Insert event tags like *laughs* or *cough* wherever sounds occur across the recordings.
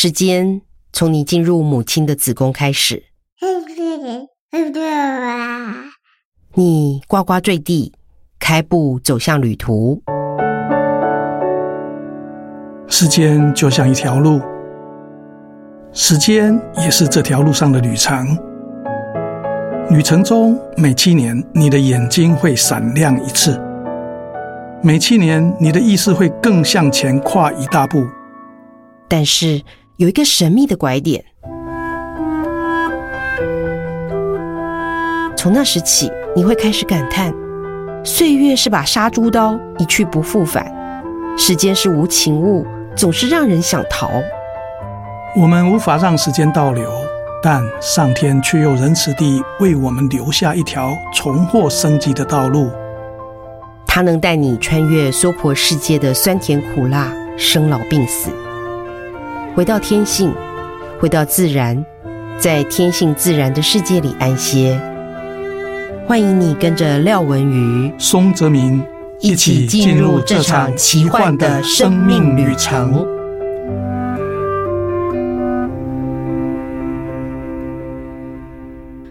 時間從你進入母親的子宮開始，你呱呱墜地，開步走向旅途。時間就像一條路，時間也是這條路上的旅程。旅程中，每七年，你的眼睛會閃亮一次；每七年，你的意識會更向前跨一大步。但是，有一個神秘的拐點，從那時起，你會開始感嘆：歲月是把殺豬刀，一去不復返；時間是無情物，總是讓人想逃。我們無法讓時間倒流，但上天卻又仁慈地為我們留下一條重獲生機的道路。它能帶你穿越娑婆世界的酸甜苦辣、生老病死。回到天性，回到自然，在天性自然的世界裡安歇。歡迎你跟着廖文瑜、松澤明一起進入這場奇幻的生命旅程。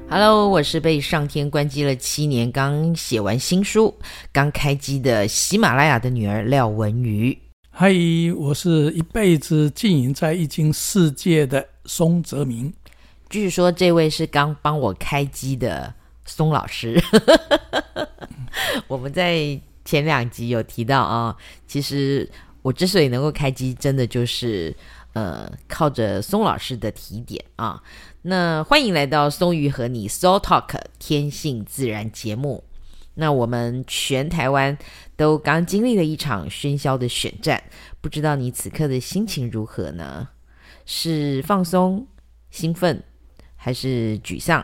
Hello，我是被上天關機了七年，剛寫完新書，剛開機的喜馬拉雅的女兒廖文瑜。嗨，我是一輩子浸淫在易經世界的松澤明。據說這位是剛幫我開機的松老師 *laughs* 。 *laughs* 我們在前兩集有提到啊，其實我之所以能夠開機，真的就是呃，靠着松老師的提點啊。那歡迎來到松瑜和你 Soul Talk 天性自然節目。那我們全台灣都剛經歷了一場喧囂的選戰，不知道你此刻的心情如何呢？是放鬆、興奮，還是沮喪？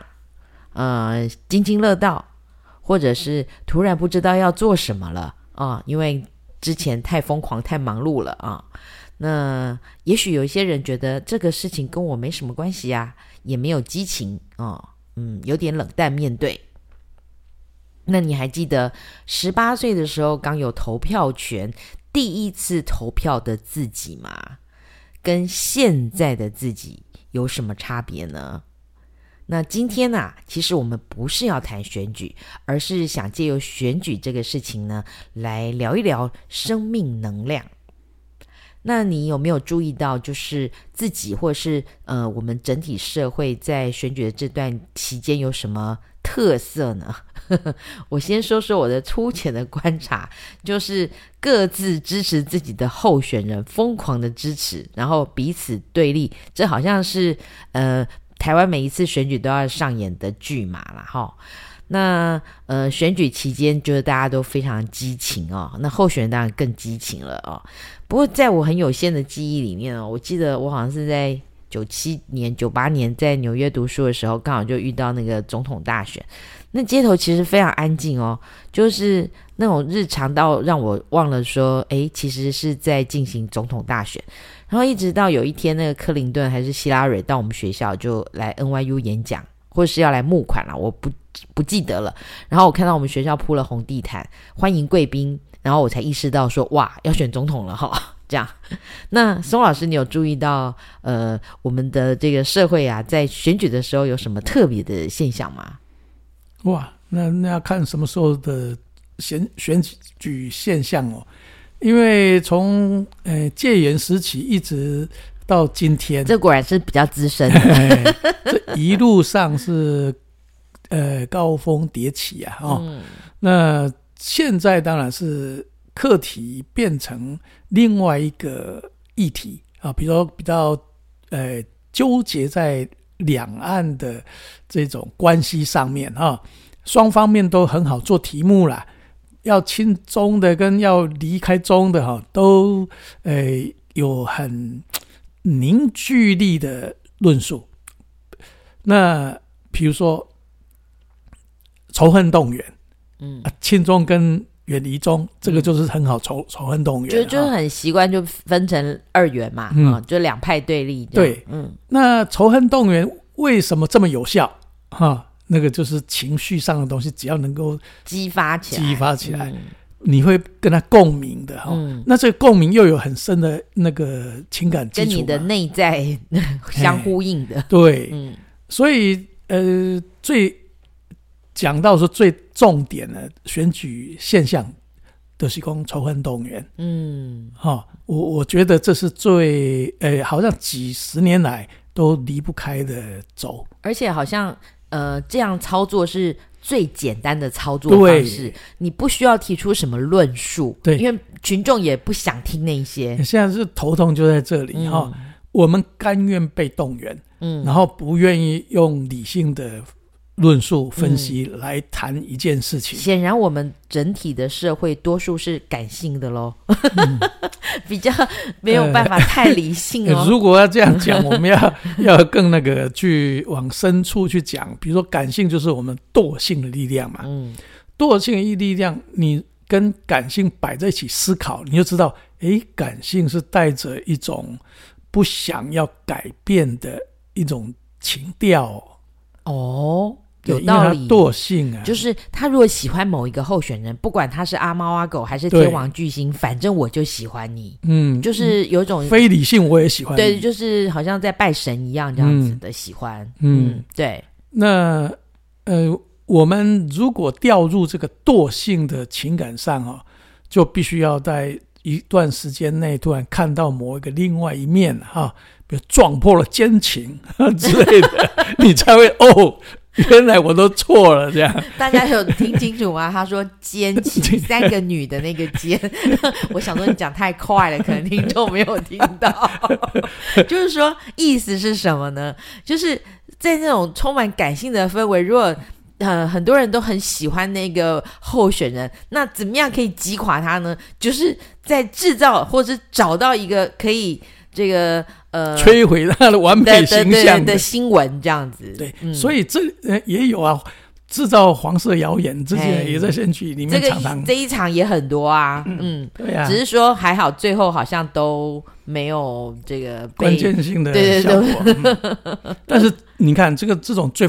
呃，津津樂道，或者是突然不知道要做什麼了啊、呃？因為之前太瘋狂、太忙碌了啊、呃。那也許有一些人覺得這個事情跟我沒什麼關係啊，也沒有激情啊、呃，嗯，有點冷淡面對。那你還記得十八歲的時候，剛有投票權，第一次投票的自己嗎？跟現在的自己有什麼差別呢？那今天啊，其實我們不是要談選舉，而是想借由選舉這個事情呢，來聊一聊生命能量。那你有沒有注意到，就是自己或是呃，我們整體社會在選舉的這段期間有什麼特色呢？ *laughs* 我先說說我的粗淺的觀察，就是各自支持自己的候選人，瘋狂的支持，然後彼此對立。這好像是呃台灣每一次選舉都要上演的劇碼啦。哈。那呃選舉期間，就是大家都非常激情哦。那候選人當然更激情了哦。不過在我很有限的記憶裡面哦，我記得我好像是在，九七年、九八年在紐約讀書的時候，剛好就遇到那個總統大選。那街頭其實非常安靜哦，就是那種日常到讓我忘了說，哎、欸，其實是在進行總統大選。然後一直到有一天，那個克林頓還是希拉蕊到我們學校就來 NYU 演講，或是要來募款了，我不不記得了。然後我看到我們學校鋪了紅地毯歡迎貴賓，然後我才意識到說，哇，要選總統了吼。這樣，那松老師，你有注意到呃，我們的這個社會啊，在選舉的時候有什麼特別的現象嗎？哇，那那要看什麼時候的選選舉現象哦，因為從呃戒嚴時期一直到今天，這果然是比較資深的呵呵， *laughs* 這一路上是呃高峰迭起啊。哈、哦嗯，那現在當然是。課題變成另外一個議題啊，比如說比較，呃，糾結在兩岸的這種關係上面啊，雙方面都很好做題目啦，要親中的跟要離開中的哈、啊，都呃有很凝聚力的論述。那比如說仇恨動員，嗯、啊，親中跟。遠離中，這個就是很好仇、嗯、仇恨動員，覺得就就很習慣就分成二元嘛，嗯，嗯就兩派對立。對，嗯，那仇恨動員為什麼這麼有效？哈，那個就是情緒上的東西，只要能夠激發起來，激發起來，起來嗯、你會跟他共鳴的哈、嗯。那這個共鳴又有很深的那個情感基礎跟你的內在呵呵相呼應的。欸、對、嗯，所以呃，最講到說最。重點的選舉現象，都是講仇恨動員。嗯，哈、哦，我我覺得這是最，呃，好像幾十年來都離不開的軸。而且好像，呃，這樣操作是最簡單的操作方式，你不需要提出什麼論述，對，因為群眾也不想聽那些。現在是頭痛就在這裡哈、嗯哦，我們甘願被動員，嗯，然後不願意用理性的。論述分析來談一件事情，顯、嗯、然我們整體的社會多數是感性的嘍， *laughs* 比較沒有辦法太理性了、哦嗯呃呃呃，如果要這樣講、嗯，我們要要更那個去往深處去講、嗯，比如說感性就是我們惰性的力量嘛，嗯，惰性的力量，你跟感性擺在一起思考，你就知道，哎，感性是帶着一種不想要改變的一種情調哦。有道理，惰性啊，就是他如果喜歡某一個候選人，不管他是阿貓阿狗還是天王巨星，反正我就喜歡你，嗯，就是有種非理性，我也喜歡，對，就是好像在拜神一樣這樣子的喜歡，嗯，嗯對。嗯、那呃，我們如果掉入這個惰性的情感上啊，就必須要在一段時間內突然看到某一個另外一面哈，比如撞破了奸情之類的， *laughs* 你才會哦。原來我都錯了，這樣 *laughs* 大家有聽清楚嗎？ *laughs* 他說“奸情”，三個女的那個“奸 *laughs* ”，我想說你講太快了， *laughs* 可能聽眾沒有聽到。 *laughs* 就是說，意思是什麼呢？就是在那種充滿感性的氛圍，如果呃很多人都很喜歡那個候選人，那怎麼樣可以擊垮他呢？就是在制造，或者找到一個可以。這個呃，摧毀他的完美形象的對對對對新聞，這樣子對、嗯，所以這、呃、也有啊，製造黃色謠言這些也在選舉裡面常常，這個一這一場也很多啊，嗯，嗯對呀、啊，只是說還好，最後好像都沒有這個關鍵性的效果，對對對嗯、 *laughs* 但是你看這個這種最。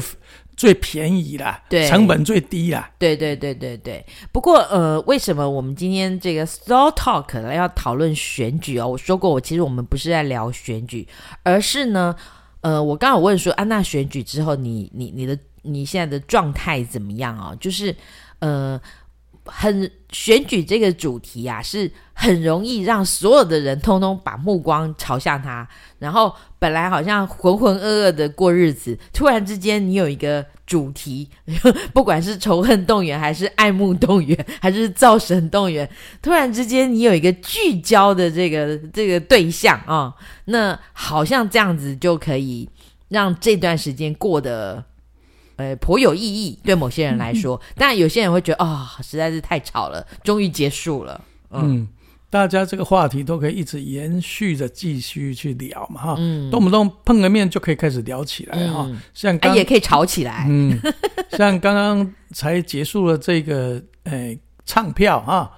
最便宜了對，成本最低了。對對對對對。不過呃，為什麼我們今天這個 store talk 要討論選舉哦？我說過我，我其實我們不是在聊選舉，而是呢，呃，我剛剛我問說，安、啊、娜選舉之後你，你你你的你現在的狀態怎麼樣哦？就是呃。很，選舉這個主題啊，是很容易讓所有的人通通把目光朝向他。然後本來好像渾渾噩噩的過日子，突然之間你有一個主題，呵呵不管是仇恨動員，還是愛慕動員，還是造神動員，突然之間你有一個聚焦的這個這個對象啊，哦，那好像這樣子就可以讓這段時間過得。呃，頗有意義，對某些人來說、嗯，但有些人會覺得啊、哦，實在是太吵了，終於結束了。嗯，嗯大家這個話題都可以一直延續着繼續去聊嘛，哈、嗯，動不動碰個面就可以開始聊起來，哈、嗯，像、啊、也可以吵起來，嗯，像剛剛才結束了這個，誒、 *laughs* 哎，唱票哈、啊，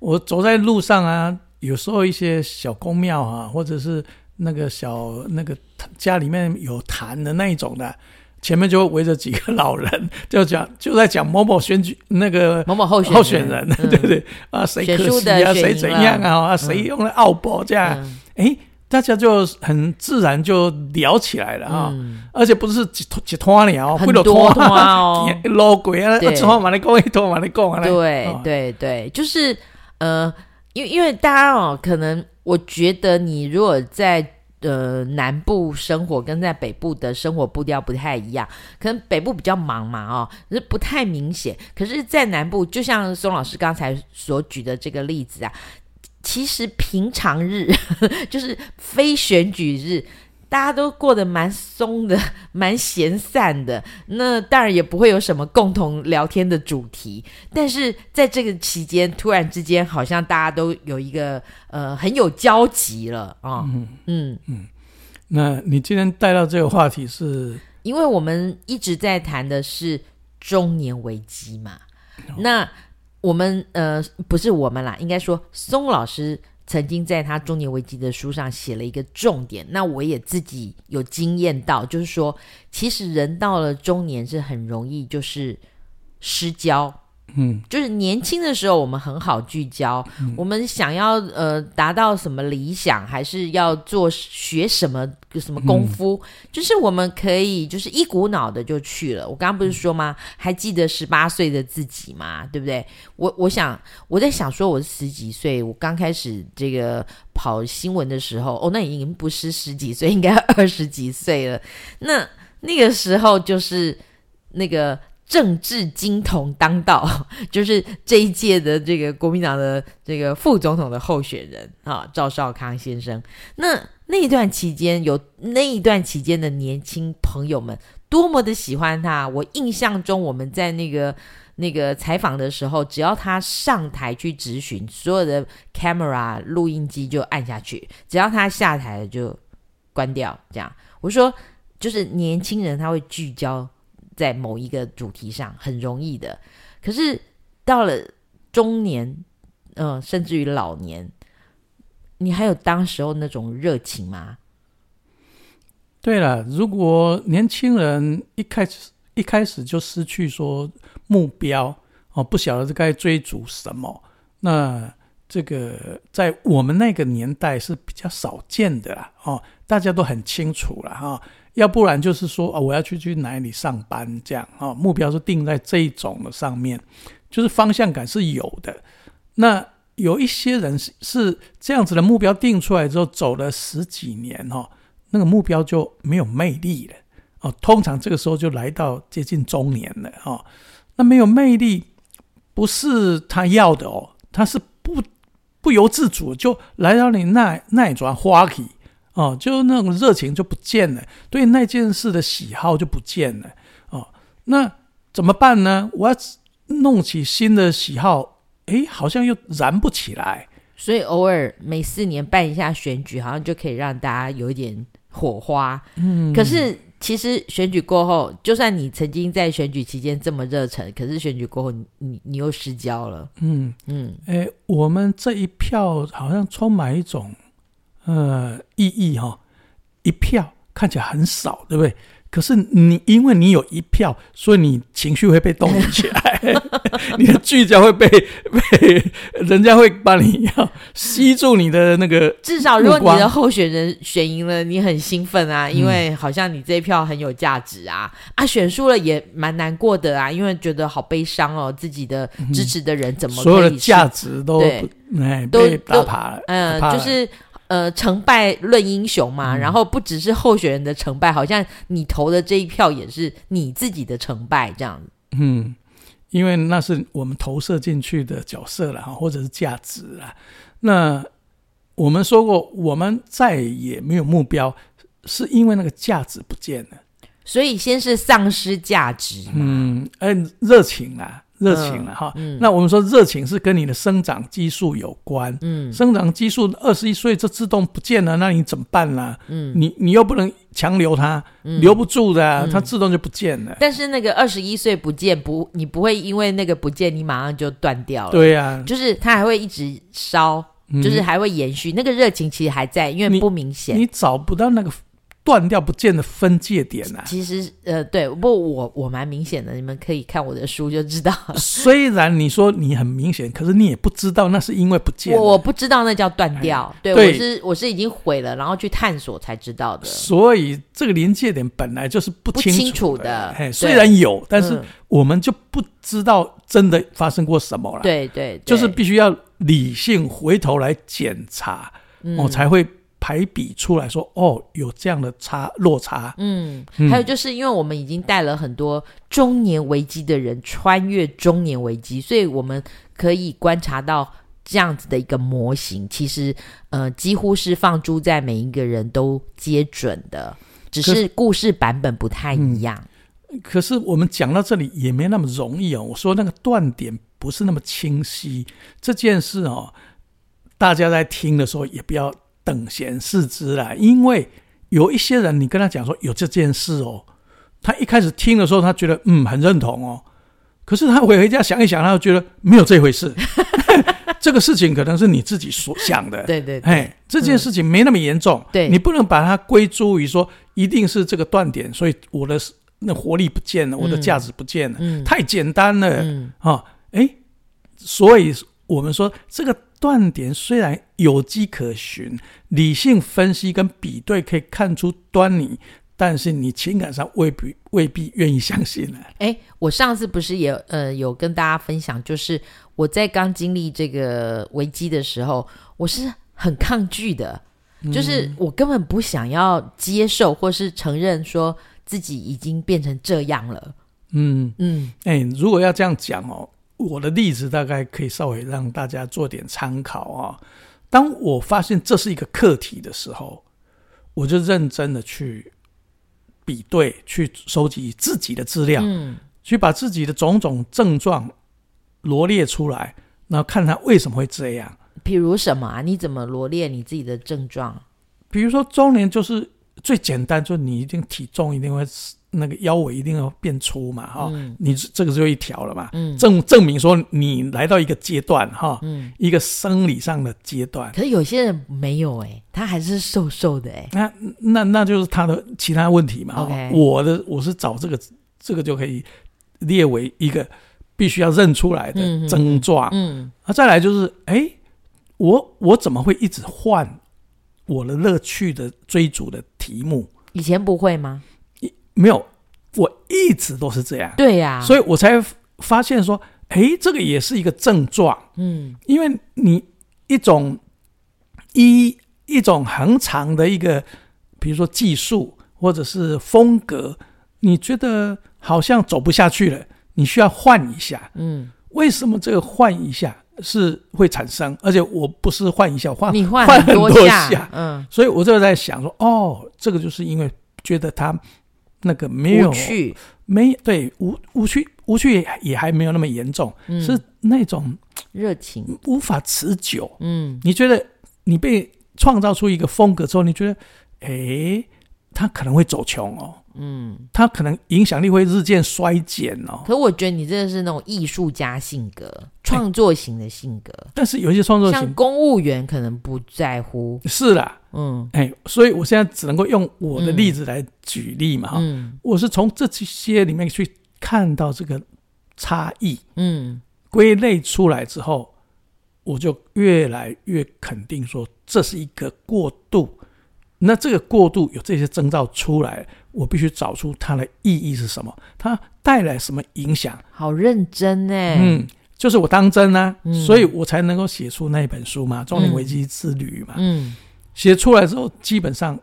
我走在路上啊，有時候一些小宮廟啊，或者是那個小那個家裡面有談的那一種的。前面就圍着幾個老人，就講就在講某某選舉那個某某候選人，候選人、嗯、對不對，對啊？誰可惜啊？誰怎樣啊？啊？誰、嗯、用來奧步這樣？誒、嗯欸，大家就很自然就聊起來了哈、哦嗯，而且不是幾幾啊聊，很多團哦，老鬼啊，只好滿的講，一通滿的啊對對對，就是呃，因為因為大家哦，可能我覺得你如果在。呃，南部生活跟在北部的生活步調不太一樣，可能北部比較忙嘛，哦，可是不太明顯。可是，在南部，就像松老師剛才所舉的這個例子啊，其實平常日呵呵就是非選舉日。大家都過得蠻鬆的，蠻閒散的，那當然也不會有什麼共同聊天的主題。但是在這個期間，突然之間，好像大家都有一個呃很有交集了啊、哦。嗯嗯嗯，那你今天帶到這個話題是、嗯？因為我們一直在談的是中年危機嘛、嗯。那我們呃，不是我們啦，應該說松老師。曾經在他中年危機的書上寫了一個重點，那我也自己有經驗到，就是說，其實人到了中年是很容易就是失焦。嗯，就是年輕的時候，我們很好聚焦。嗯、我們想要呃達到什麼理想，還是要做學什麼什麼功夫、嗯？就是我們可以就是一股腦的就去了。我剛剛不是說嗎？嗯、還記得十八歲的自己嗎？對不對？我我想我在想說，我是十幾歲，我剛開始這個跑新聞的時候，哦，那已經不是十幾歲，應該二十幾歲了。那那個時候就是那個。政治金童當道，就是這一屆的這個國民黨的這個副總統的候選人啊，趙少康先生。那那段期間，有那一段期間的年輕朋友們，多麼的喜歡他！我印象中，我們在那個那個採訪的時候，只要他上台去質詢，所有的 camera 錄音機就按下去；只要他下台，就關掉。這樣，我說，就是年輕人他會聚焦。在某一個主題上很容易的，可是到了中年，嗯、呃，甚至於老年，你還有當時候那種熱情嗎？對了，如果年輕人一開始一開始就失去說目標哦，不曉得該追逐什麼，那這個在我們那個年代是比較少見的了哦，大家都很清楚了哈。哦要不然就是說、哦、我要去去哪裡上班這樣、哦、目標是定在這一種的上面，就是方向感是有的。那有一些人是是這樣子的目標定出來之後，走了十幾年、哦、那個目標就沒有魅力了哦。通常這個時候就來到接近中年了、哦、那沒有魅力不是他要的哦，他是不不由自主就來到你那那一轉花期。哦，就那種熱情就不見了，對那件事的喜好就不見了。哦，那怎麼辦呢？我要弄起新的喜好，哎，好像又燃不起來。所以偶爾每四年辦一下選舉，好像就可以讓大家有一點火花。嗯。可是其實選舉過後，就算你曾經在選舉期間這麼熱忱，可是選舉過後你，你你你又失焦了。嗯嗯。哎，我們這一票好像充滿一種。呃，意義哈、哦，一票看起來很少，對不對？可是你因為你有一票，所以你情緒會被動起來， *laughs* *laughs* 你的聚焦會被被人家會把你要、啊、吸住你的那個。至少如果你的候選人選贏了，你很興奮啊，因為好像你這一票很有價值啊。嗯、啊，選輸了也蠻難過的啊，因為覺得好悲傷哦，自己的支持的人怎麼、嗯、所有的價值都對，了都都、呃、爬，嗯，就是。呃，成敗論英雄嘛，然後不只是候選人的成敗，嗯，好像你投的這一票也是你自己的成敗這樣。嗯，因為那是我們投射進去的角色了，或者是價值啦。那我們說過，我們再也沒有目標，是因為那個價值不見了。所以先是喪失價值，嗯，嗯，欸，熱情啊。熱情了、啊、哈、嗯嗯，那我們說熱情是跟你的生長激素有關。嗯，生長激素二十一歲就自動不見了，那你怎麼辦呢、啊？嗯，你你又不能強留它、嗯，留不住的、啊嗯，它自動就不見了。但是那個二十一歲不見不，你不會因為那個不見你馬上就斷掉了。對啊，就是它還會一直燒，就是還會延續。嗯、那個熱情其實還在，因為不明顯，你找不到那個。斷掉不見的分界點啊，其實呃，對，不，我我蠻明顯的，你們可以看我的書就知道。雖然你說你很明顯，可是你也不知道，那是因為不見。我我不知道那叫斷掉，哎、對，對我是我是已經毀了，然後去探索才知道的。所以這個臨界點本來就是不清楚的，不清楚的、哎，雖然有，但是我們就不知道真的發生過什麼了。嗯嗯、對對，對，就是必須要理性回頭來檢查，我、嗯哦、才會。排比出來說：“哦，有這樣的差落差。”嗯，還有就是，因為我們已經帶了很多中年危機的人穿越中年危機，所以我們可以觀察到這樣子的一個模型。其實，呃，幾乎是放諸在每一個人都皆準的，只是故事版本不太一樣。可是，嗯、可是我們講到這裡也沒那麼容易哦。我說那個斷點不是那麼清晰，這件事哦，大家在聽的時候也不要等閒視之了，因為有一些人，你跟他講說有這件事哦，他一開始聽的時候，他覺得嗯很認同哦，可是他回回家想一想，他就覺得沒有這回事， *laughs* *laughs* 這個事情可能是你自己所想的， *laughs* 對，對對，哎，這件事情沒那麼嚴重，對、嗯、你不能把它歸諸於說一定是這個斷點，所以我的那活力不見了、嗯，我的價值不見了，嗯、太簡單了啊，哎、嗯哦，所以我們說這個。斷點雖然有跡可循，理性分析跟比對可以看出端倪，但是你情感上未必未必願意相信呢、啊。哎、欸，我上次不是也呃有跟大家分享，就是我在剛經歷這個危機的時候，我是很抗拒的、嗯，就是我根本不想要接受或是承認說自己已經變成這樣了。嗯嗯，哎、欸，如果要這樣講哦。我的例子大概可以稍微讓大家做點參考啊。當我發現這是一個課題的時候，我就認真的去比對、去收集自己的資料，嗯，去把自己的種種症狀羅列出來，然後看他為什麼會這樣。比如什麼啊？你怎麼羅列你自己的症狀？比如說中年就是最簡單，就是你一定體重一定會。那個腰圍一定要變粗嘛，哈、嗯哦，你這個只有一條了嘛，證、嗯、證明說你來到一個階段，哈、哦嗯，一個生理上的階段。可是有些人沒有哎、欸，他還是瘦瘦的哎、欸。那那那就是他的其他問題嘛。Okay、我的我是找這個這個就可以列為一個必須要認出來的症狀。嗯嗯。那、啊、再來就是，哎、欸，我我怎麼會一直換我的樂趣的追逐的題目？以前不會嗎？沒有，我一直都是這樣。對呀、啊，所以我才發現說，哎，這個也是一個症狀。嗯，因為你一種一一種很長的一個，比如說技術或者是風格，你覺得好像走不下去了，你需要換一下。嗯，為什麼這個換一下是會產生？而且我不是換一下，我換你換很多下，換很多下。嗯，所以我就在想說，哦，這個就是因為覺得他。那個沒有，沒對，無無趣無趣也也還沒有那麼嚴重，嗯，是那種熱情無法持久。嗯，你覺得你被創造出一個風格之後，你覺得哎？欸他可能會走窮哦，嗯，他可能影響力會日漸衰減哦。可我覺得你真的是那種藝術家性格、創、欸、作型的性格。但是有一些創作型像公務員可能不在乎。是啦，嗯，哎、欸，所以我現在只能夠用我的例子來舉例嘛，嗯，我是從這些裡面去看到這個差異，嗯，歸類出來之後，我就越來越肯定說這是一個過度。那這個過度有這些徵兆出來，我必須找出它的意義是什麼，它帶來什麼影響？好認真哎，嗯，就是我當真啊，嗯、所以我才能夠寫出那一本書嘛，《中年危機之旅》嘛。嗯，寫出來之後，基本上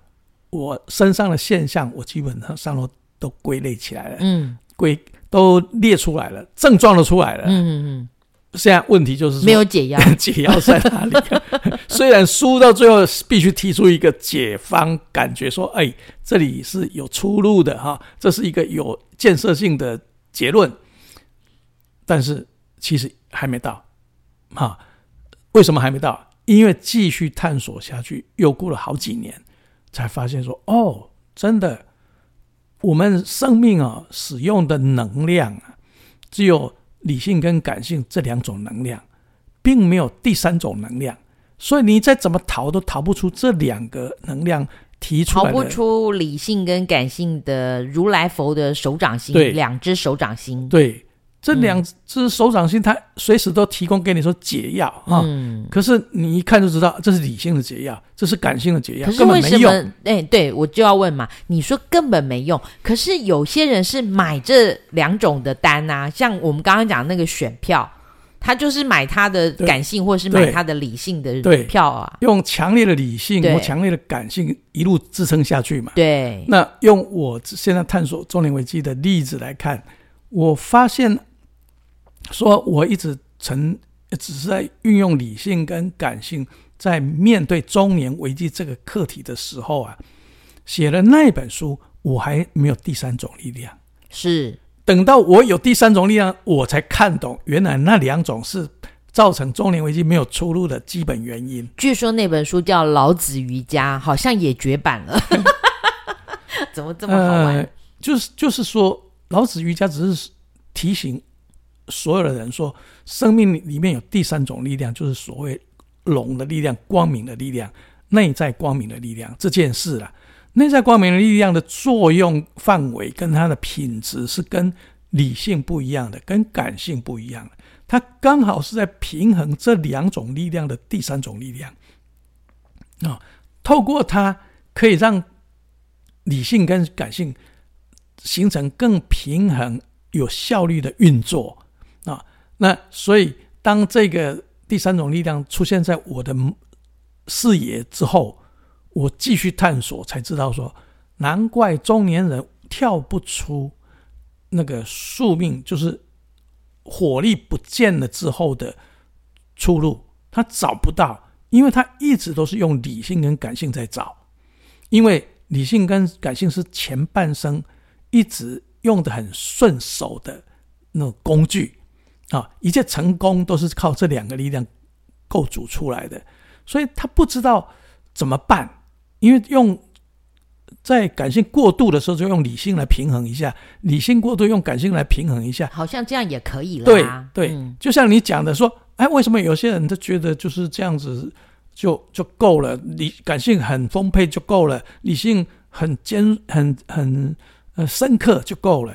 我身上的現象，我基本上上都歸類起來了，嗯，歸都列出來了，症狀都出來了，嗯嗯。現在問題就是說沒有解藥，解藥在哪裡？ *laughs* 哪裡 *laughs* 雖然輸到最後必須提出一個解方，感覺說：“哎、欸，這裡是有出路的哈，這是一個有建設性的結論。”但是其實還沒到，哈？為什麼還沒到？因為繼續探索下去，又過了好幾年，才發現說：“哦，真的，我們生命啊使用的能量只有。”理性跟感性這兩種能量，並沒有第三種能量，所以你再怎麼逃都逃不出這兩個能量提出來，逃不出理性跟感性的如來佛的手掌心，兩只手掌心。對。這兩隻手掌心，它隨時都提供給你說解藥，嗯啊、可是你一看就知道，這是理性的解藥，這是感性的解藥。可是為什麼？根本沒用。哎、對，我就要問嘛！你說根本沒用，可是有些人是買這兩種的單啊，像我們剛剛講那個選票，他就是買他的感性，或是買他的理性的票啊，用強烈的理性或強烈的感性一路支撐下去嘛。對，那用我現在探索中年危機的例子來看，我發現。說我一直曾只是在運用理性跟感性，在面對中年危機這個課題的時候啊，寫了那一本書，我還沒有第三種力量。是等到我有第三種力量，我才看懂原來那兩種是造成中年危機沒有出路的基本原因。據說那本書叫《老子瑜伽》，好像也絕版了。 *laughs* 怎麼這麼好玩？ *laughs* 呃，就是就是說，《老子瑜伽》只是提醒。所有的人說，生命裡面有第三種力量，就是所謂“龍”的力量、光明的力量、內在光明的力量這件事啊。內在光明的力量的作用範圍跟它的品質是跟理性不一樣的，跟感性不一樣的。它剛好是在平衡這兩種力量的第三種力量啊，哦，透過它可以讓理性跟感性形成更平衡、有效率的運作。那所以，當這個第三種力量出現在我的視野之後，我繼續探索，才知道說，難怪中年人跳不出那個宿命，就是火力不見了之後的出路，他找不到，因為他一直都是用理性跟感性在找，因為理性跟感性是前半生一直用得很順手的那種工具。啊，一切成功都是靠這兩個力量構築出來的，所以他不知道怎麼辦，因為用在感性過度的時候，就用理性來平衡一下；理性過度，用感性來平衡一下，嗯、好像這樣也可以了。對對，就像你講的說、嗯，哎，為什麼有些人他覺得就是這樣子就就夠了？理感性很豐沛就夠了，理性很堅、很很呃深刻就夠了。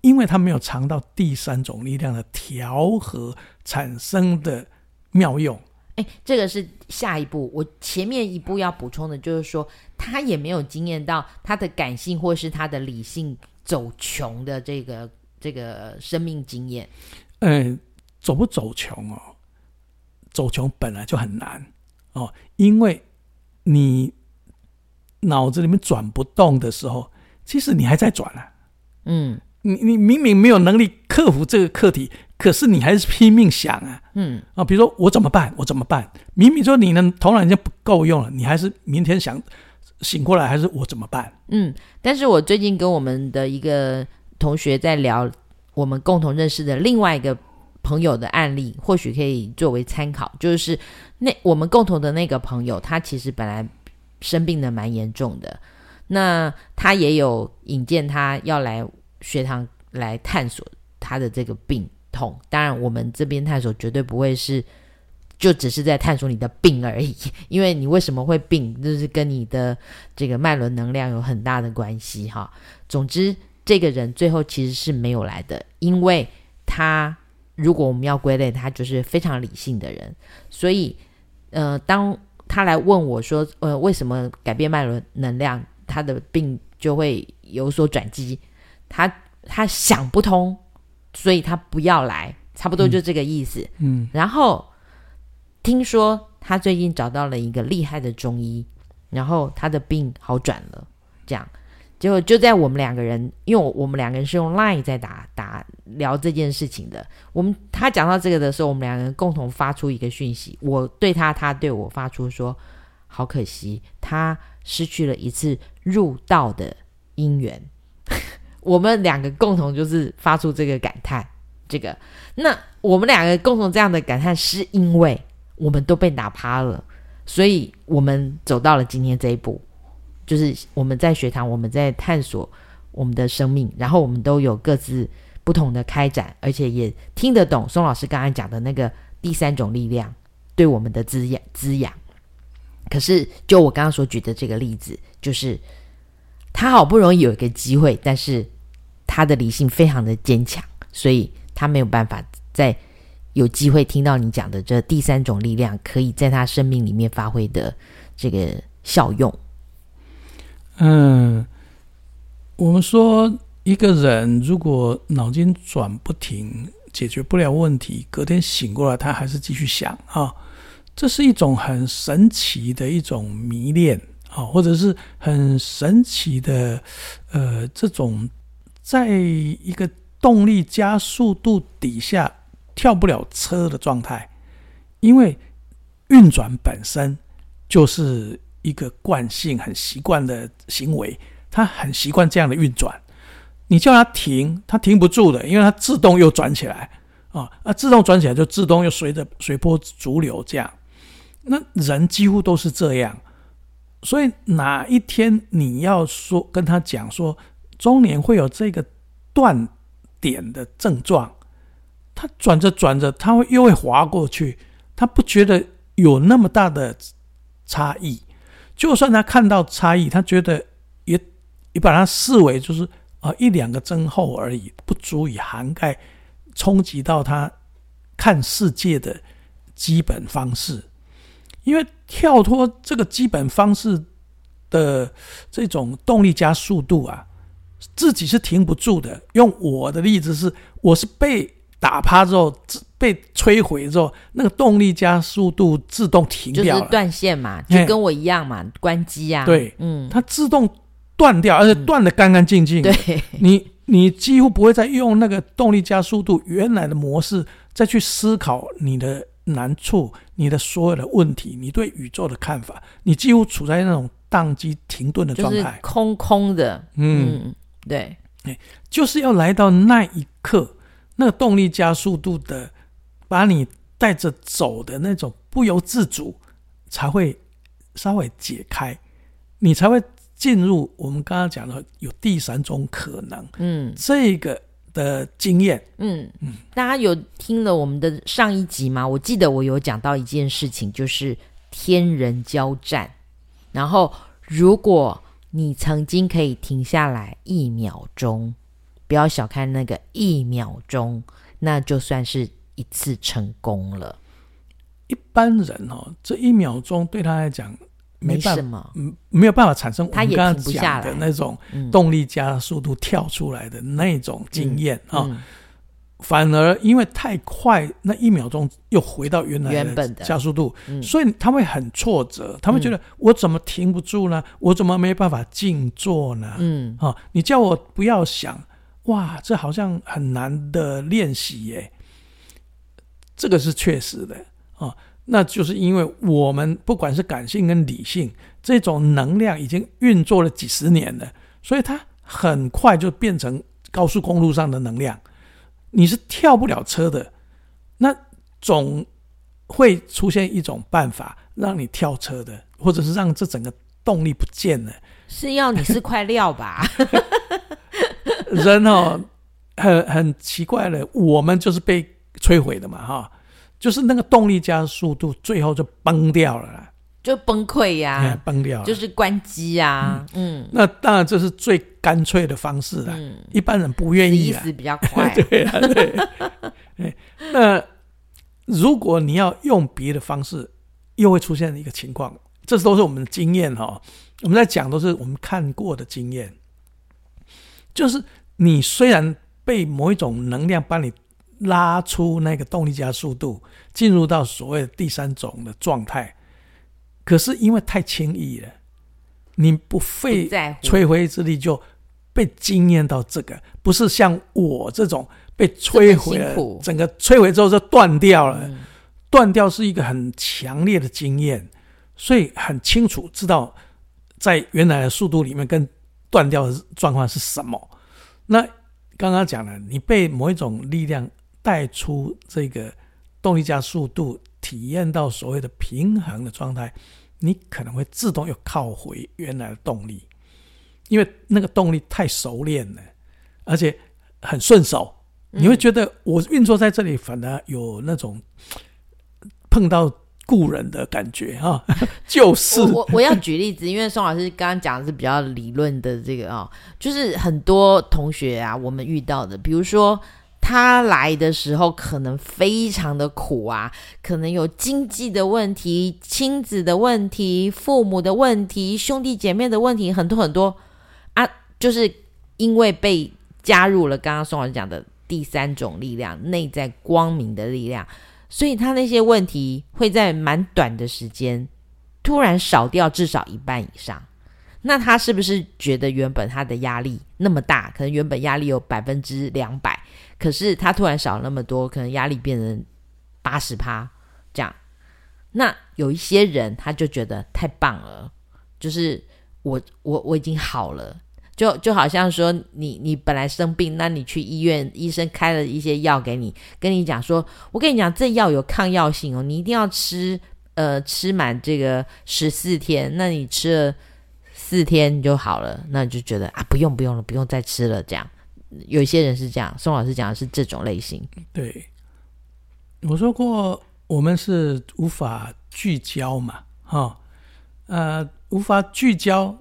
因為他沒有嘗到第三種力量的調和產生的妙用，哎，這個是下一步。我前面一步要補充的就是說，他也沒有經驗到他的感性或是他的理性走窮的這個這個生命經驗。嗯，走不走窮哦？走窮本來就很難哦，因為你腦子裡面轉不動的時候，其實你還在轉啊。嗯。你你明明沒有能力克服這個課題，可是你還是拼命想啊，嗯啊，比如說我怎麼辦，我怎麼辦？明明說你的頭腦已經不夠用了，你還是明天想醒過來，還是我怎麼辦？嗯，但是我最近跟我們的一個同學在聊，我們共同認識的另外一個朋友的案例，或許可以作為參考。就是那我們共同的那個朋友，他其實本來生病的蠻嚴重的，那他也有引薦他要來。學堂來探索他的這個病痛，當然我們這邊探索絕對不會是就只是在探索你的病而已，因為你為什麼會病，就是跟你的這個脈輪能量有很大的關係哈。總之，這個人最後其實是沒有來的，因為他如果我們要歸類，他就是非常理性的人，所以呃，當他來問我說呃，為什麼改變脈輪能量，他的病就會有所轉機，他他想不通，所以他不要來，差不多就這個意思。嗯，嗯，然後聽說他最近找到了一個厲害的中醫，然後他的病好轉了，這樣，結果就在我們兩個人，因為我們兩個人是用 Line 在打打聊這件事情的。我們他講到這個的時候，我們兩個人共同發出一個訊息，我對他，他對我發出說：“好可惜，他失去了一次入道的姻緣。”我們兩個共同就是發出這個感嘆，這個。那我們兩個共同這樣的感嘆，是因為我們都被打趴了，所以我們走到了今天這一步。就是我們在學堂，我們在探索我們的生命，然後我們都有各自不同的開展，而且也聽得懂松老師剛才講的那個第三種力量對我們的滋養滋養。可是，就我剛剛所舉的這個例子，就是他好不容易有一個機會，但是。他的理性非常的堅強，所以他沒有辦法再有機會聽到你講的這第三種力量可以在他生命裡面發揮的這個效用。嗯，我們說一個人如果腦筋轉不停，解決不了問題，隔天醒過來他還是繼續想啊、哦，這是一種很神奇的一種迷戀啊、哦，或者是很神奇的呃這種。在一個動力加速度底下跳不了車的狀態，因為運轉本身就是一個慣性很習慣的行為，他很習慣這樣的運轉。你叫他停，他停不住的，因為他自動又轉起來啊、哦，啊，自動轉起來就自動又隨着隨波逐流這樣。那人幾乎都是這樣，所以哪一天你要說跟他講說。中年會有這個斷點的症狀，他轉着轉着，他會又會滑過去，他不覺得有那麼大的差異。就算他看到差異，他覺得也也把它視為就是啊一兩個徵候而已，不足以涵蓋衝擊到他看世界的基本方式。因為跳脫這個基本方式的這種動力加速度啊。自己是停不住的。用我的例子是，我是被打趴之後，被摧毀之後，那個動力加速度自動停掉了，就是斷線嘛，就跟我一樣嘛，嗯、關機啊。對，嗯，它自動斷掉，而且斷得乾乾淨淨。對、嗯，你你幾乎不會再用那個動力加速度原來的模式再去思考你的難處、你的所有的問題、你對宇宙的看法，你幾乎處在那種宕機停頓的狀態，就是、空空的，嗯。嗯對，就是要來到那一刻，那個動力加速度的，把你帶着走的那種不由自主，才會稍微解開，你才會進入我們剛剛講的有第三種可能。嗯，這個的經驗，嗯嗯，大家有聽了我們的上一集嗎？我記得我有講到一件事情，就是天人交戰，然後如果。你曾經可以停下來一秒鐘，不要小看那個一秒鐘，那就算是一次成功了。一般人哦，這一秒鐘對他來講，沒什麼，沒辦法，沒有辦法產生，他也停不下來那種動力加速度跳出來的那種經驗啊。嗯嗯嗯反而因為太快，那一秒鐘又回到原來原本的加速度，嗯、所以他會很挫折。他們覺得我怎麼停不住呢？我怎麼沒辦法靜坐呢？嗯，哈、哦，你叫我不要想，哇，這好像很難的練習耶。這個是確實的啊、哦，那就是因為我們不管是感性跟理性，這種能量已經運作了幾十年了，所以它很快就變成高速公路上的能量。你是跳不了車的，那總會出現一種辦法讓你跳車的，或者是讓這整個動力不見了。是要你是塊料吧？ *laughs* *laughs* 人哦，很很奇怪的，我們就是被摧毀的嘛，哈，就是那個動力加速度最後就崩掉了。就崩潰呀、啊啊，崩掉了，就是關機呀、啊嗯，嗯，那當然這是最乾脆的方式了、啊嗯，一般人不願意、啊，意思比較快， *laughs* 對啊，對， *laughs* 欸、那如果你要用別的方式，又會出現一個情況，這是都是我們的經驗哈，我們在講都是我們看過的經驗，就是你雖然被某一種能量幫你拉出那個動力加速度，進入到所謂的第三種的狀態。可是因為太輕易了，你不費吹灰之力就被驚艷到這個，不，不是像我這種被摧毀了，了，整個摧毀之後就斷掉了、嗯。斷掉是一個很強烈的經驗，所以很清楚知道在原來的速度裡面跟斷掉的狀況是什麼。那剛剛講了，你被某一種力量帶出這個。動力加速度，體驗到所謂的平衡的狀態，你可能會自動又靠回原來的動力，因為那個動力太熟練了，而且很順手，嗯、你會覺得我運作在這裡，反而有那種碰到故人的感覺哈、啊。就是我我，我要舉例子， *laughs* 因為宋老師剛剛講的是比較理論的這個啊，就是很多同學啊，我們遇到的，比如說。他來的時候可能非常的苦啊，可能有經濟的問題、親子的問題、父母的問題、兄弟姐妹的問題，很多很多。啊，就是因為被加入了剛剛宋老師講的第三種力量——內在光明的力量，所以他那些問題會在蠻短的時間突然少掉至少一半以上。那他是不是覺得原本他的壓力那麼大，可能原本壓力有百分之兩百？可是他突然少了那麼多，可能壓力變成八十趴這樣。那有一些人他就覺得太棒了，就是我我我已經好了，就就好像說你你本來生病，那你去醫院醫生開了一些藥給你，跟你講說，我跟你講這藥有抗藥性哦，你一定要吃呃吃滿這個十四天，那你吃了四天就好了，那你就覺得啊不用不用了，不用再吃了這樣。有一些人是這樣，宋老師講的是這種類型。對，我說過，我們是無法聚焦嘛，哈、哦，呃，無法聚焦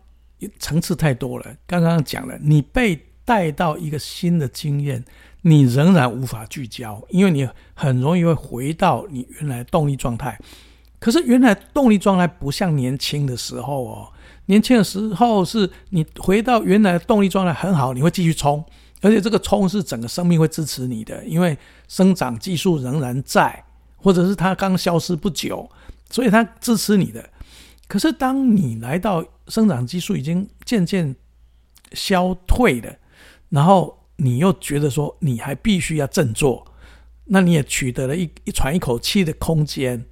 層次太多了。剛剛講了，你被帶到一個新的經驗，你仍然無法聚焦，因為你很容易會回到你原來的動力狀態。可是原來動力狀態不像年輕的時候哦，年輕的時候是你回到原來的動力狀態很好，你會繼續衝。而且這個衝是整個生命會支持你的，因為生長激素仍然在，或者是它剛消失不久，所以它支持你的。可是當你來到生長激素已經漸漸消退了，然後你又覺得說你還必須要振作，那你也取得了一一喘一口氣的空間，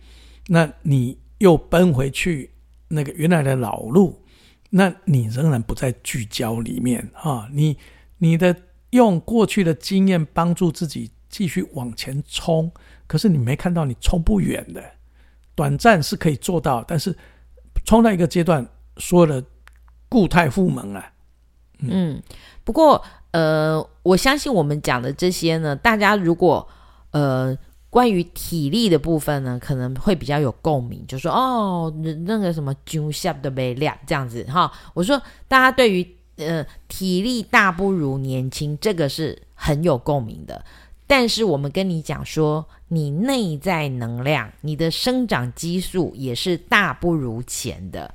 那你又奔回去那個原來的老路，那你仍然不在聚焦裡面啊，你你的。用過去的經驗幫助自己繼續往前衝，可是你沒看到你衝不遠的，短暫是可以做到，但是衝到一個階段，說的故態復萌啊嗯。嗯，不過呃，我相信我們講的這些呢，大家如果呃關於體力的部分呢，可能會比較有共鳴，就說哦那個什麼軍校的背量這樣子哈、哦。我說大家對於。呃，體力大不如年輕，這個是很有共鳴的。但是我們跟你講說，你內在能量、你的生長激素也是大不如前的，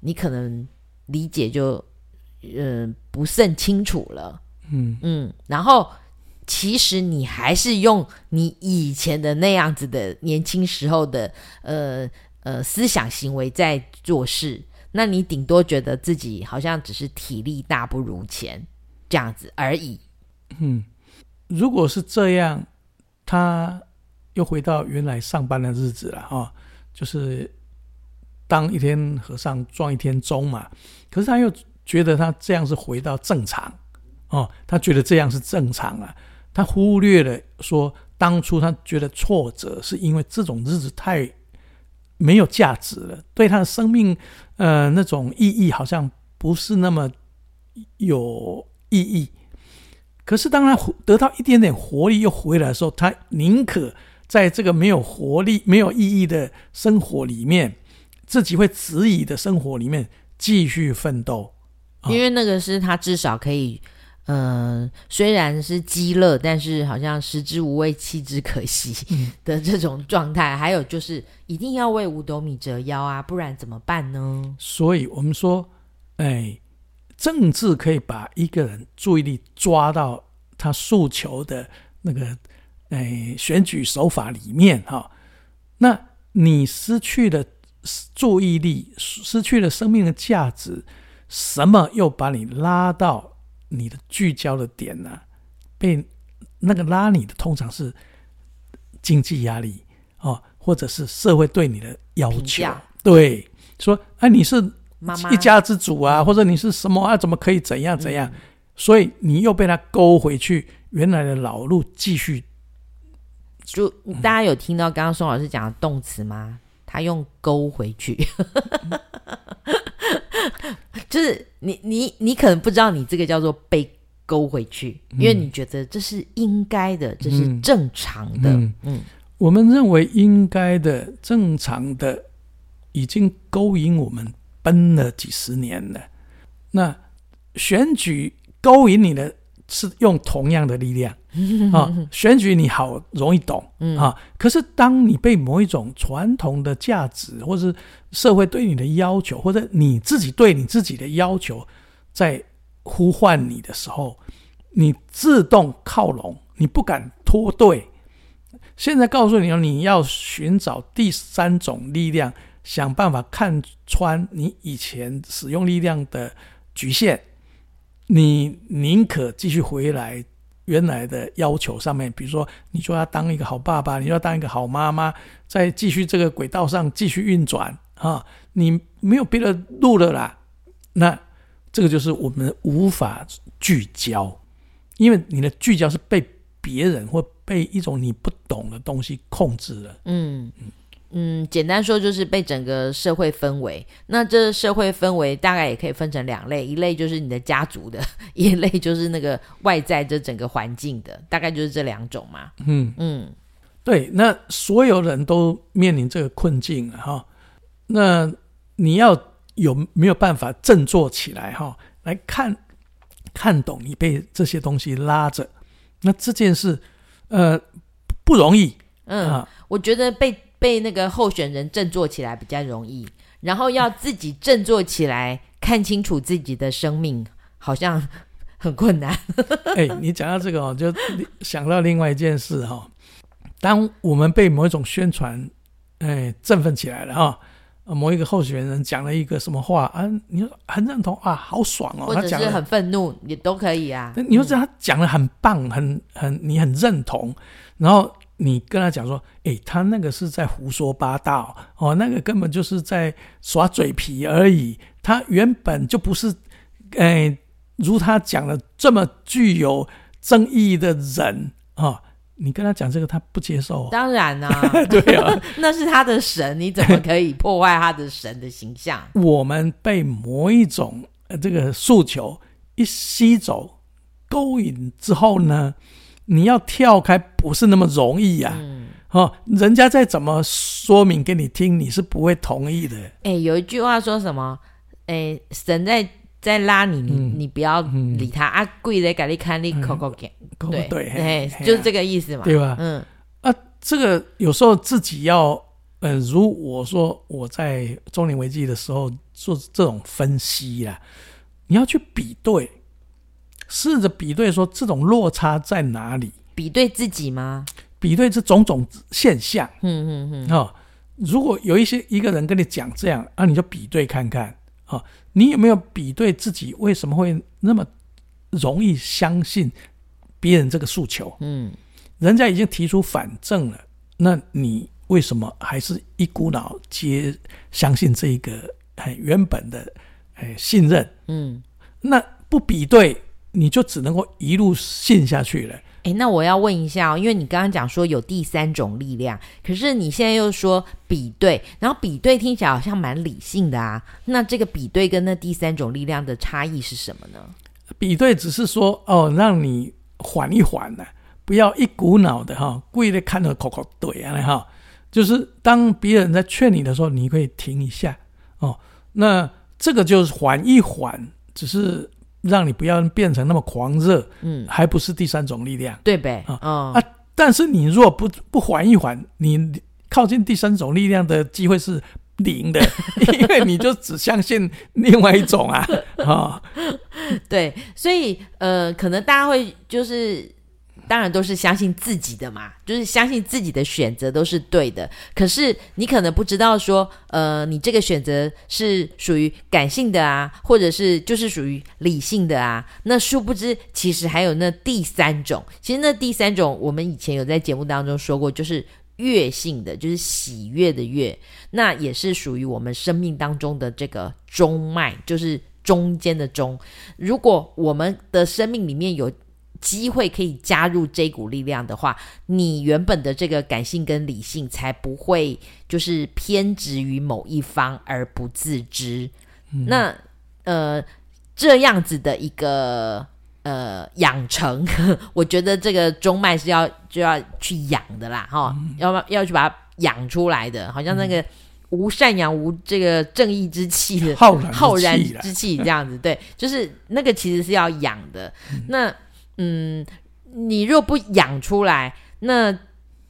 你可能理解就呃不甚清楚了。嗯嗯，然後其實你還是用你以前的那樣子的年輕時候的呃呃思想行為在做事。那你頂多覺得自己好像只是體力大不如前這樣子而已。嗯，如果是這樣，他又回到原來上班的日子了哈，哦，就是當一天和尚撞一天鐘嘛。可是他又覺得他這樣是回到正常哦，他覺得這樣是正常啊。他忽略了說，當初他覺得挫折是因為這種日子太沒有價值了，對他的生命。呃，那種意義好像不是那麼有意義。可是，當他得到一點點活力又回來的時候，他寧可在這個沒有活力、沒有意義的生活裡面，自己會質疑的生活裡面繼續奮鬥，哦、因為那個是他至少可以。呃、嗯，雖然是雞肋，但是好像食之無味、棄之可惜的這種狀態。還有就是，一定要為五斗米折腰啊，不然怎麼辦呢？所以，我們說，哎，政治可以把一個人注意力抓到他訴求的那個，哎，選舉手法裡面哈、哦。那你失去了注意力，失去了生命的價值，什麼又把你拉到？你的聚焦的點呢、啊，被那個拉你的，通常是經濟壓力哦，或者是社會對你的要求。對，說哎，你是媽媽一家之主啊媽媽，或者你是什麼啊？怎麼可以怎樣怎樣？嗯、所以你又被他勾回去原來的老路，繼續。嗯、就大家有聽到剛剛松老師講的動詞嗎？他用勾回去，嗯， *laughs* 就是你你你可能不知道，你這個叫做被勾回去，嗯，因為你覺得這是應該的，嗯，這是正常的。嗯，嗯嗯我們認為應該的、正常的，已經勾引我們奔了幾十年了。那選舉勾引你的。是用同樣的力量啊！選舉你好容易懂啊，可是當你被某一種傳統的價值，或是社會對你的要求，或者你自己對你自己的要求，在呼喚你的時候，你自動靠攏，你不敢脫隊。現在告訴你，你要尋找第三種力量，想辦法看穿你以前使用力量的局限。你寧可繼續回來原來的要求上面，比如說，你說要當一個好爸爸，你說要當一個好媽媽，再繼續這個軌道上繼續運轉啊，你沒有別的路了啦。那這個就是我們無法聚焦，因為你的聚焦是被別人或被一種你不懂的東西控制了。嗯。嗯，簡單說就是被整個社會氛圍，那這社會氛圍大概也可以分成兩類，一類就是你的家族的，一類就是那個外在這整個環境的，大概就是這兩種嘛。嗯嗯，對，那所有人都面臨這個困境哈、哦，那你要有沒有辦法振作起來哈、哦，來看看懂你被這些東西拉着，那這件事呃不容易。嗯，啊、我覺得被。被那個候選人振作起來比較容易，然後要自己振作起來，嗯、看清楚自己的生命好像很困難。哎、 *laughs* 欸，你講到這個哦，就想到另外一件事哈、哦。當我們被某一種宣傳，哎、欸，振奮起來了哈、哦。某一個候選人講了一個什麼話啊？你很認同啊，好爽哦。或者是很憤怒也都可以啊。嗯、你說他講的很棒，很很你很認同，然後。你跟他講說，誒，他那個是在胡說八道哦，那個根本就是在耍嘴皮而已。他原本就不是，哎，如他講的這麼具有正義的人啊、哦。你跟他講這個，他不接受。當然啦、啊， *laughs* 對啊， *laughs* 那是他的神，你怎麼可以破壞他的神的形象？ *laughs* 我們被某一種這個訴求一吸走、勾引之後呢？嗯你要跳開不是那麼容易呀、啊嗯，哦，人家再怎麼說明給你聽，你是不會同意的。哎、欸，有一句話說什麼？哎、欸，神在在拉你，嗯、你你不要理他、嗯、啊！在改立、嗯、對，對對對對對啊、就是這個意思嘛，對吧？嗯，啊，這個有時候自己要，嗯、呃，如我說我在中年危機的時候做這種分析呀，你要去比對。試着比對，說這種落差在哪裡？比對自己嗎？比對這種種現象。嗯嗯嗯。啊、嗯哦，如果有一些一個人跟你講這樣，啊，你就比對看看啊、哦，你有沒有比對自己為什麼會那麼容易相信別人這個訴求？嗯，人家已經提出反證了，那你為什麼還是一股腦接相信這一個很原本的哎信任？嗯，那不比對？你就只能夠一路陷下去了。哎、欸，那我要問一下、哦、因為你剛剛講說有第三種力量，可是你現在又說比對，然後比對聽起來好像蠻理性的啊。那這個比對跟那第三種力量的差異是什麼呢？比對只是說哦，讓你緩一緩呢、啊，不要一股腦的哈，故意的看着口口懟啊哈。就是當別人在勸你的時候，你可以停一下哦。那這個就是緩一緩，只是。讓你不要變成那麼狂熱，嗯，還不是第三種力量，對唄、哦嗯？啊，但是你若不不緩一緩，你靠近第三種力量的機會是零的， *laughs* 因為你就只相信另外一種啊啊、 *laughs* 哦！對，所以呃，可能大家會就是。當然都是相信自己的嘛，就是相信自己的選擇都是對的。可是你可能不知道說，呃，你這個選擇是屬於感性的啊，或者是就是屬於理性的啊。那殊不知，其實還有那第三種。其實那第三種，我們以前有在節目當中說過，就是悅性的，就是喜悅的悅。那也是屬於我們生命當中的這個中脈，就是中間的中。如果我們的生命裡面有。機會可以加入這股力量的話，你原本的這個感性跟理性才不會就是偏執於某一方而不自知。嗯、那呃，這樣子的一個呃養成呵呵，我覺得這個中脈是要就要去養的啦，哈、嗯，要要去把它養出來的，好像那個吾善養吾這個正義之氣的浩然之氣這樣子，對，就是那個其實是要養的、嗯、那。嗯，你若不養出來，那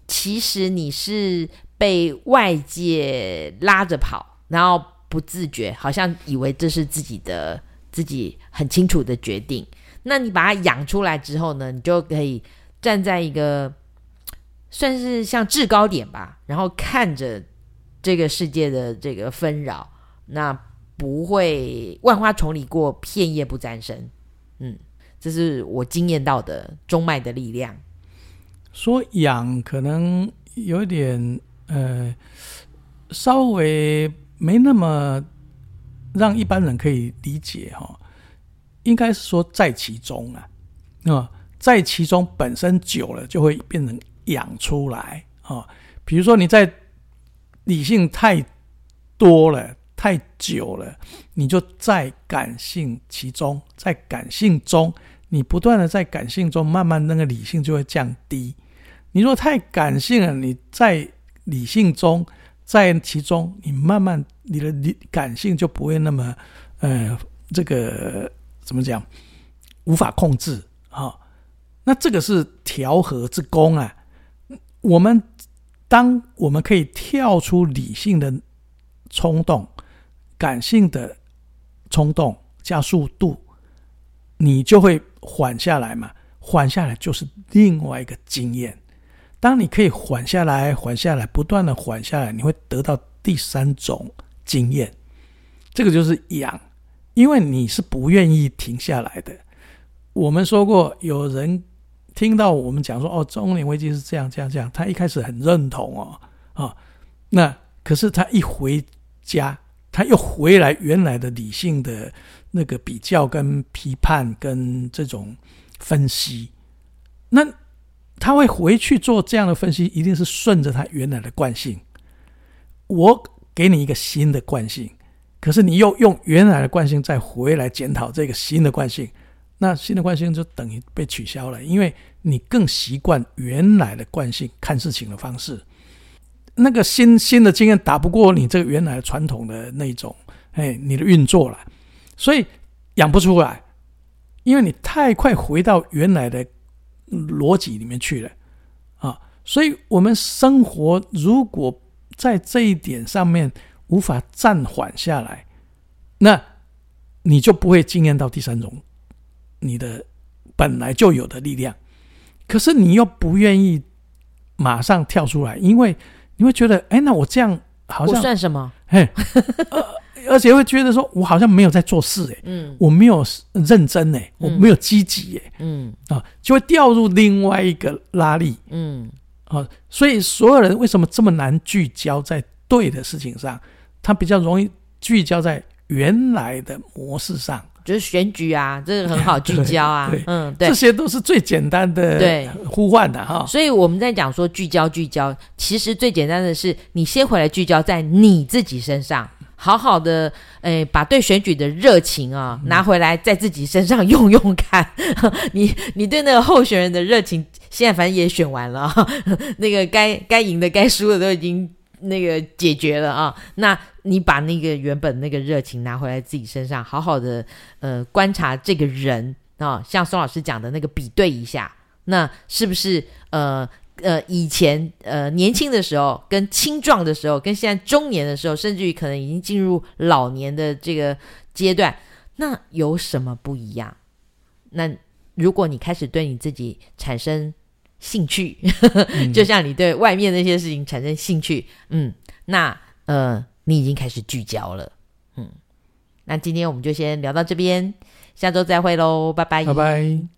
其實你是被外界拉着跑，然後不自覺，好像以為這是自己的、自己很清楚的決定。那你把它養出來之後呢，你就可以站在一個算是像制高點吧，然後看着這個世界的這個紛擾，那不會萬花叢裡過，片葉不沾身。嗯。這是我經驗到的中脈的力量。說養可能有點呃，稍微沒那麼讓一般人可以理解哈。應該是說在其中啊，在其中本身久了就會變成養出來啊。比如說你在理性太多了，太久了，你就在感性其中，在感性中。你不斷的在感性中慢慢，那個理性就會降低。你如果太感性了，你在理性中，在其中，你慢慢你的理感性就不會那麼，呃，這個怎麼講？無法控制啊、哦。那這個是調和之功啊。我們當我們可以跳出理性的衝動、感性的衝動加速度，你就會。緩下來嘛，緩下來就是另外一個經驗。當你可以緩下來，緩下來，不斷的緩下來，你會得到第三種經驗。這個就是養，因為你是不願意停下來的。我們說過，有人聽到我們講說：“哦，中年危機是這樣，這樣，這樣。”他一開始很認同哦，啊、哦，那可是他一回家，他又回來原來的理性的。那個比較、跟批判、跟這種分析，那他會回去做這樣的分析，一定是順着他原來的慣性。我給你一個新的慣性，可是你又用原來的慣性再回來檢討這個新的慣性，那新的慣性就等於被取消了，因為你更習慣原來的慣性看事情的方式。那個新新的經驗打不過你這個原來傳統的那種，哎，你的運作了。所以養不出來，因為你太快回到原來的邏輯裡面去了啊！所以，我們生活如果在這一點上面無法暫緩下來，那你就不會經驗到第三種你的本來就有的力量。可是，你又不願意馬上跳出來，因為你會覺得，哎，那我這樣好像我算什麼？嘿。呃 *laughs* 而且會覺得說，我好像沒有在做事哎、欸，嗯，我沒有認真哎、欸嗯，我沒有積極哎，嗯啊，就會掉入另外一個拉力，嗯啊，所以所有人為什麼這麼難聚焦在對的事情上？他比較容易聚焦在原來的模式上，就是選舉啊，這個很好聚焦啊，啊對對嗯，對，這些都是最簡單的呼、啊、對呼喚的哈。所以我們在講說聚焦聚焦，其實最簡單的是你先回來聚焦在你自己身上。好好的，誒、欸，把對選舉的熱情啊、嗯，拿回來在自己身上用用看。你你對那個候選人的熱情，現在反正也選完了，那個該該贏的、該輸的都已經那個解決了啊。那你把那個原本的那個熱情拿回來自己身上，好好的，呃，觀察這個人啊、哦，像松老師講的那個比對一下，那是不是呃？呃，以前呃年輕的時候，跟青壯的時候，跟現在中年的時候，甚至於可能已經進入老年的這個階段，那有什麼不一樣？那如果你開始對你自己產生興趣，嗯、 *laughs* 就像你對外面那些事情產生興趣，嗯，那呃，你已經開始聚焦了，嗯。那今天我們就先聊到這邊，下週再會嘍，拜拜，拜拜。